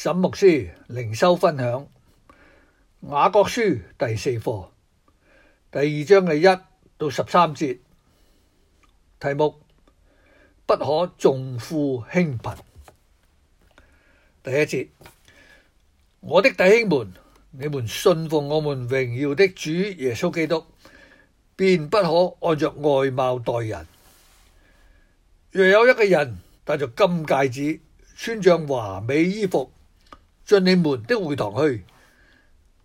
沈牧師靈修分享雅各書第四課第二章嘅一到十三節，題目不可重富輕貧。第一節，我的弟兄們，你們信奉我們榮耀的主耶穌基督，便不可按着外貌待人。若有一個人戴着金戒指，穿著華美衣服，進你們的會堂去，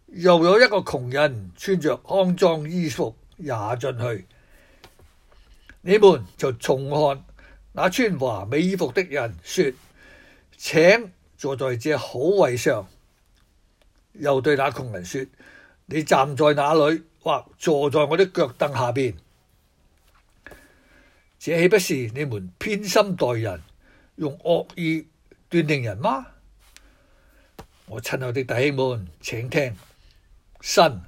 又有一個窮人穿着骯髒衣服也進去。你們就重看那穿華美衣服的人，說，請坐在這好位上。又對那窮人說：你站在那裏或坐在我的腳凳下邊。這豈不是你們偏心待人，用惡意斷定人嗎？我親愛的弟兄們，請聽，神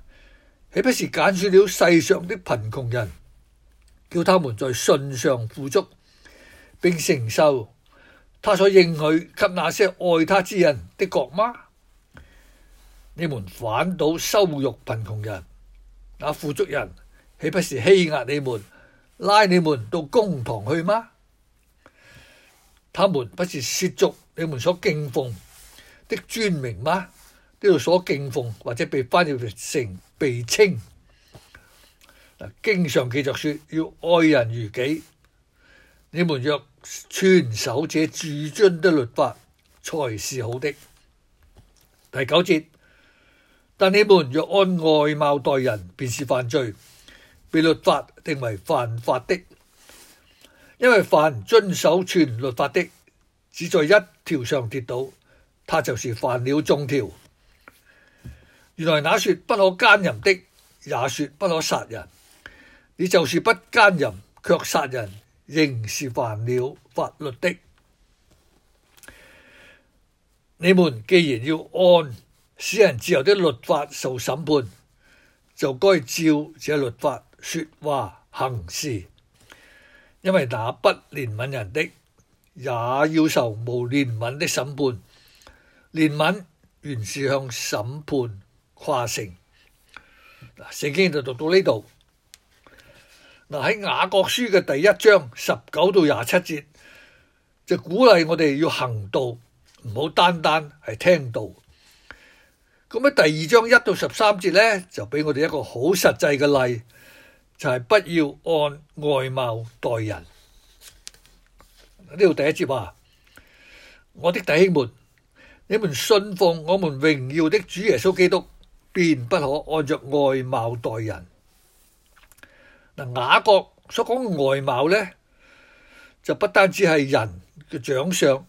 豈不是揀選了世上的貧窮人，叫他們在信上富足，並承受他所應許給那些愛他之人的國嗎？你們反倒羞辱貧窮人，那富足人豈不是欺壓你們，拉你們到公堂去嗎？他們不是褻瀆你們所敬奉？的尊名嗎？呢度所敬奉或者被翻譯成被稱。嗱，經上記著説要愛人如己，你們若遵守這至尊的律法，才是好的。第九節，但你們若按外貌待人，便是犯罪，被律法定為犯法的，因為凡遵守全律法的，只在一條上跌倒，他就是犯了眾條。原來那說不可奸淫的，也說不可殺人。你就是不奸淫卻殺人，仍是犯了法律的。你們既然要按使人自由的律法受審判，就該照這律法說話行事，因為那不憐憫人的，也要受無憐憫的審判。憐憫原是向審判誇勝。聖經就讀到呢度。嗱，喺雅各書嘅第一章十九到廿七節，就鼓勵我哋要行道，唔好單單係聽道。咁喺第二章一到十三節呢，就俾我哋一個好實際嘅例，就係、是、不要按外貌待人。呢度第一節話、啊：我的弟兄們。你們信奉我們榮耀的主耶穌基督，便不可按着外貌待人。嗱，雅各所講嘅外貌呢，就不單止係人嘅長相，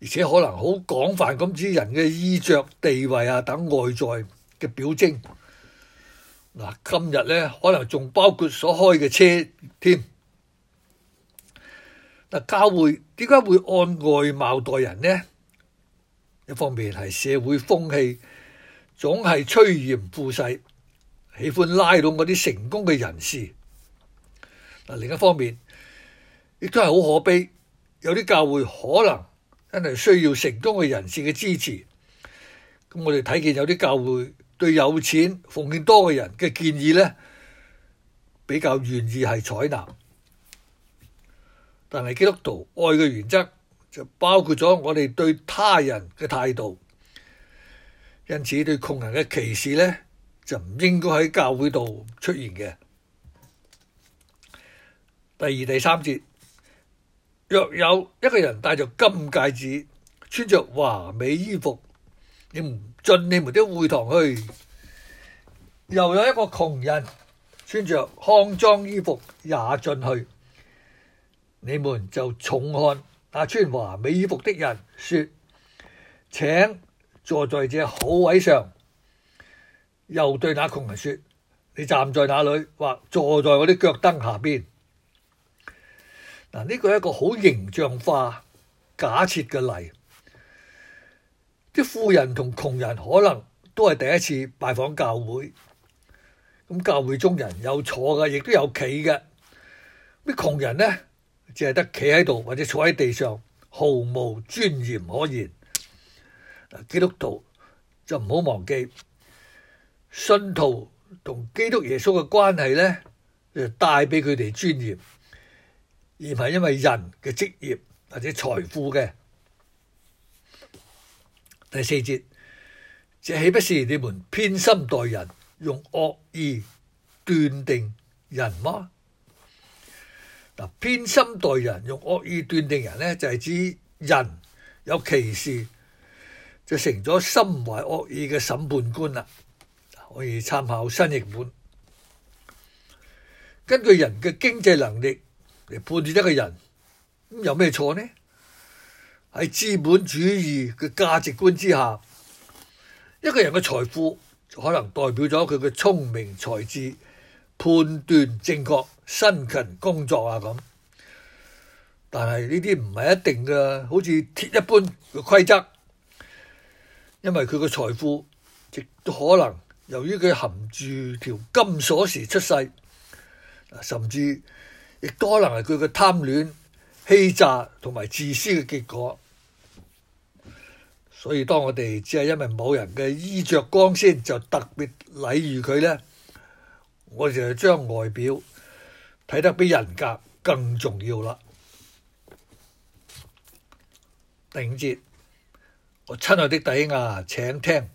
而且可能好廣泛咁，指人嘅衣着、地位啊等外在嘅表徵。嗱，今日呢可能仲包括所開嘅車添。嗱，教會點解會按外貌待人呢？一方面係社會風氣總係趨炎附勢，喜歡拉攏嗰啲成功嘅人士。嗱，另一方面亦都係好可悲，有啲教會可能真係需要成功嘅人士嘅支持。咁我哋睇見有啲教會對有錢奉獻多嘅人嘅建議呢，比較願意係採納。但係基督徒愛嘅原則，就包括咗我哋對他人嘅態度，因此對窮人嘅歧視呢，就唔應該喺教會度出現嘅。第二、第三節，若有一個人戴著金戒指、穿着華美衣服，你唔進你們的會堂去；又有一個窮人，穿着骯髒衣服也進去，你們就重看。阿、啊、穿華美衣服的人說：請坐在這好位上。又對那窮人說：你站在那裏或坐在嗰啲腳凳下邊。嗱、啊，呢個係一個好形象化假設嘅例。啲富人同窮人可能都係第一次拜訪教會。咁教會中人有坐嘅，亦都有企嘅。啲窮人呢？淨係得企喺度或者坐喺地上，毫無尊嚴可言。基督徒就唔好忘記，信徒同基督耶穌嘅關係呢就帶俾佢哋尊嚴，而唔係因為人嘅職業或者財富嘅。第四節，這豈不是你們偏心待人，用惡意斷定人嗎？偏心待人，用惡意斷定人呢就係指人有歧視，就成咗心懷惡意嘅審判官啦。可以參考新譯本，根據人嘅經濟能力嚟判斷一個人，有咩錯呢？喺資本主義嘅價值觀之下，一個人嘅財富可能代表咗佢嘅聰明才智。判斷正確、辛勤工作啊咁，但係呢啲唔係一定嘅，好似鐵一般嘅規則。因為佢嘅財富亦都可能由於佢含住條金鎖匙出世，甚至亦可能係佢嘅貪戀、欺詐同埋自私嘅結果。所以當我哋只係因為某人嘅衣着光鮮，就特別禮遇佢呢。我哋就將外表睇得比人格更重要啦。第五節，我親愛的弟兄，請聽，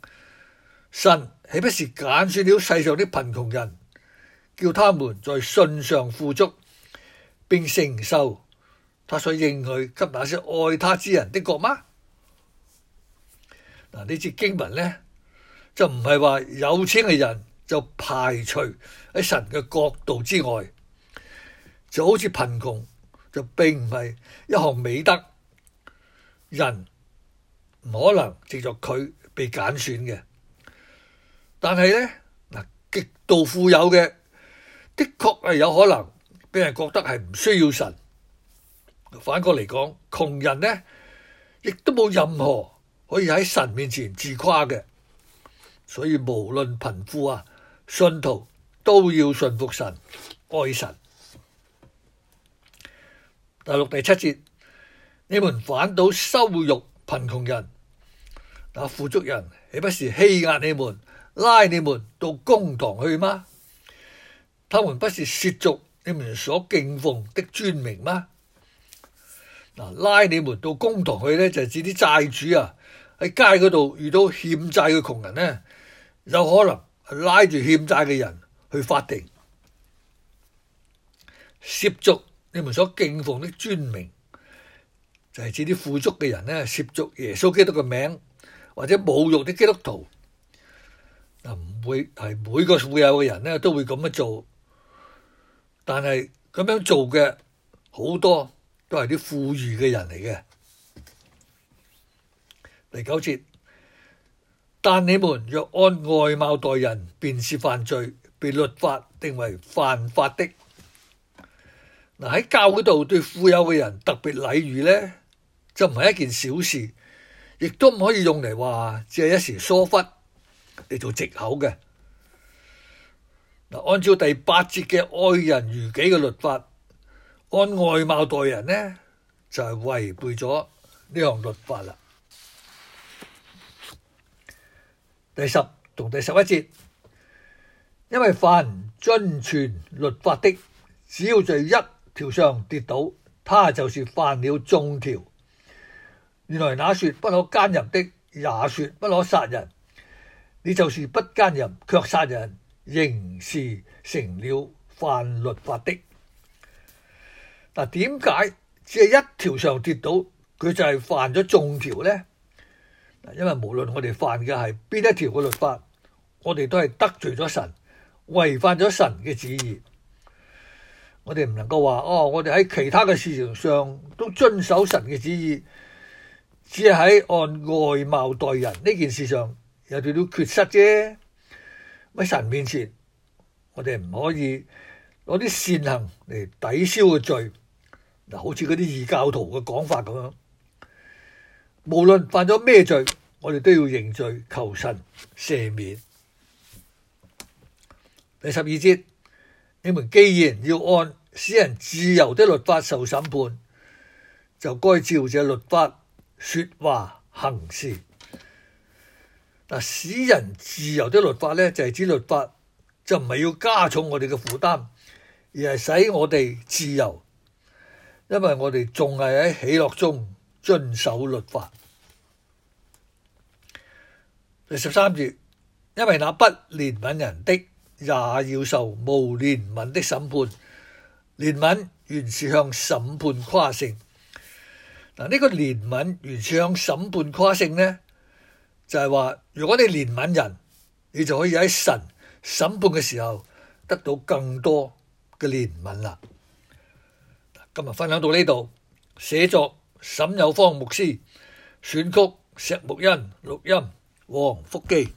神豈不是揀選了世上的貧窮人，叫他們在信上富足，並承受他所應許給那些愛他之人的國嗎？嗱，呢節經文咧，就唔係話有錢嘅人。就排除喺神嘅角度之外，就好似貧窮就並唔係一項美德，人唔可能藉着佢被揀選嘅。但係咧嗱，極度富有嘅的確係有可能俾人覺得係唔需要神。反過嚟講，窮人呢亦都冇任何可以喺神面前自誇嘅。所以無論貧富啊。信徒都要信服神、愛神。第六、第七節，你們反倒羞辱貧窮人，那富足人豈不是欺壓你們、拉你們到公堂去嗎？他們不是褻瀆你們所敬奉的尊名嗎？嗱，拉你們到公堂去呢，就係指啲債主啊喺街嗰度遇到欠債嘅窮人呢，有可能。拉住欠債嘅人去法庭，褻瀆你們所敬奉的尊名，就係、是、指啲富足嘅人呢，褻瀆耶穌基督嘅名，或者侮辱啲基督徒。嗱、啊，唔會係每個富有嘅人咧都會咁樣做，但係咁樣做嘅好多都係啲富裕嘅人嚟嘅。第九節。但你們若按外貌待人，便是犯罪，被律法定為犯法的。嗱，喺教嗰度對富有嘅人特別禮遇咧，就唔係一件小事，亦都唔可以用嚟話只係一時疏忽嚟做借口嘅。嗱，按照第八節嘅愛人如己嘅律法，按外貌待人咧就係違背咗呢項律法啦。第十同第十一節，因為凡遵守全律法的，只要在一條上跌倒，他就是犯了眾條。原來那說不可奸淫的，也說不可殺人，你就是不奸淫卻殺人，仍是成了犯律法的。嗱、啊，點解只係一條上跌倒，佢就係犯咗眾條呢？因為無論我哋犯嘅係邊一條嘅律法，我哋都係得罪咗神，違反咗神嘅旨意。我哋唔能夠話哦，我哋喺其他嘅事情上都遵守神嘅旨意，只係喺按外貌待人呢件事上有啲啲缺失啫。喺神面前，我哋唔可以攞啲善行嚟抵消個罪。嗱，好似嗰啲異教徒嘅講法咁樣。無論犯咗咩罪，我哋都要認罪求神赦免。第十二節，你們既然要按使人自由的律法受審判，就該照這律法說話行事。嗱，使人自由的律法呢，就係指律法就唔係要加重我哋嘅負擔，而係使我哋自由，因為我哋仲係喺喜樂中。遵守律法。第十三節，因為那不憐憫人的，也要受無憐憫的審判。憐憫原是向審判誇勝。嗱，呢個憐憫原是向審判誇勝呢，呢就係話，如果你憐憫人，你就可以喺神審判嘅時候得到更多嘅憐憫啦。今日分享到呢度，寫作。沈有芳牧師選曲，石木欣錄音，王福記。